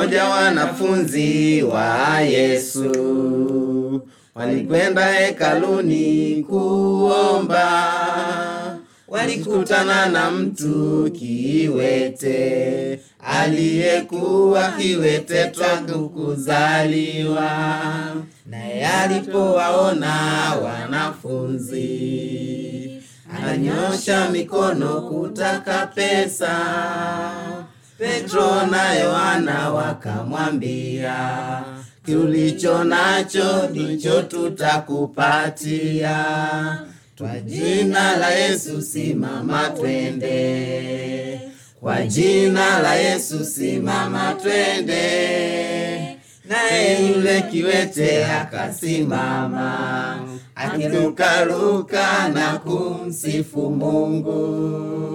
mmoja wanafunzi wa Yesu walikwenda hekaluni kuomba. Walikutana na mtu kiwete aliyekuwa kiwete tangu kuzaliwa. Naye alipowaona wanafunzi, ananyosha mikono kutaka pesa. Petro na Yohana akamwambia, kilicho nacho ndicho tutakupatia. Kwa jina la Yesu simama, twende. Kwa jina la Yesu simama, twende. Naye yule kiwete akasimama, akirukaruka na kumsifu Mungu.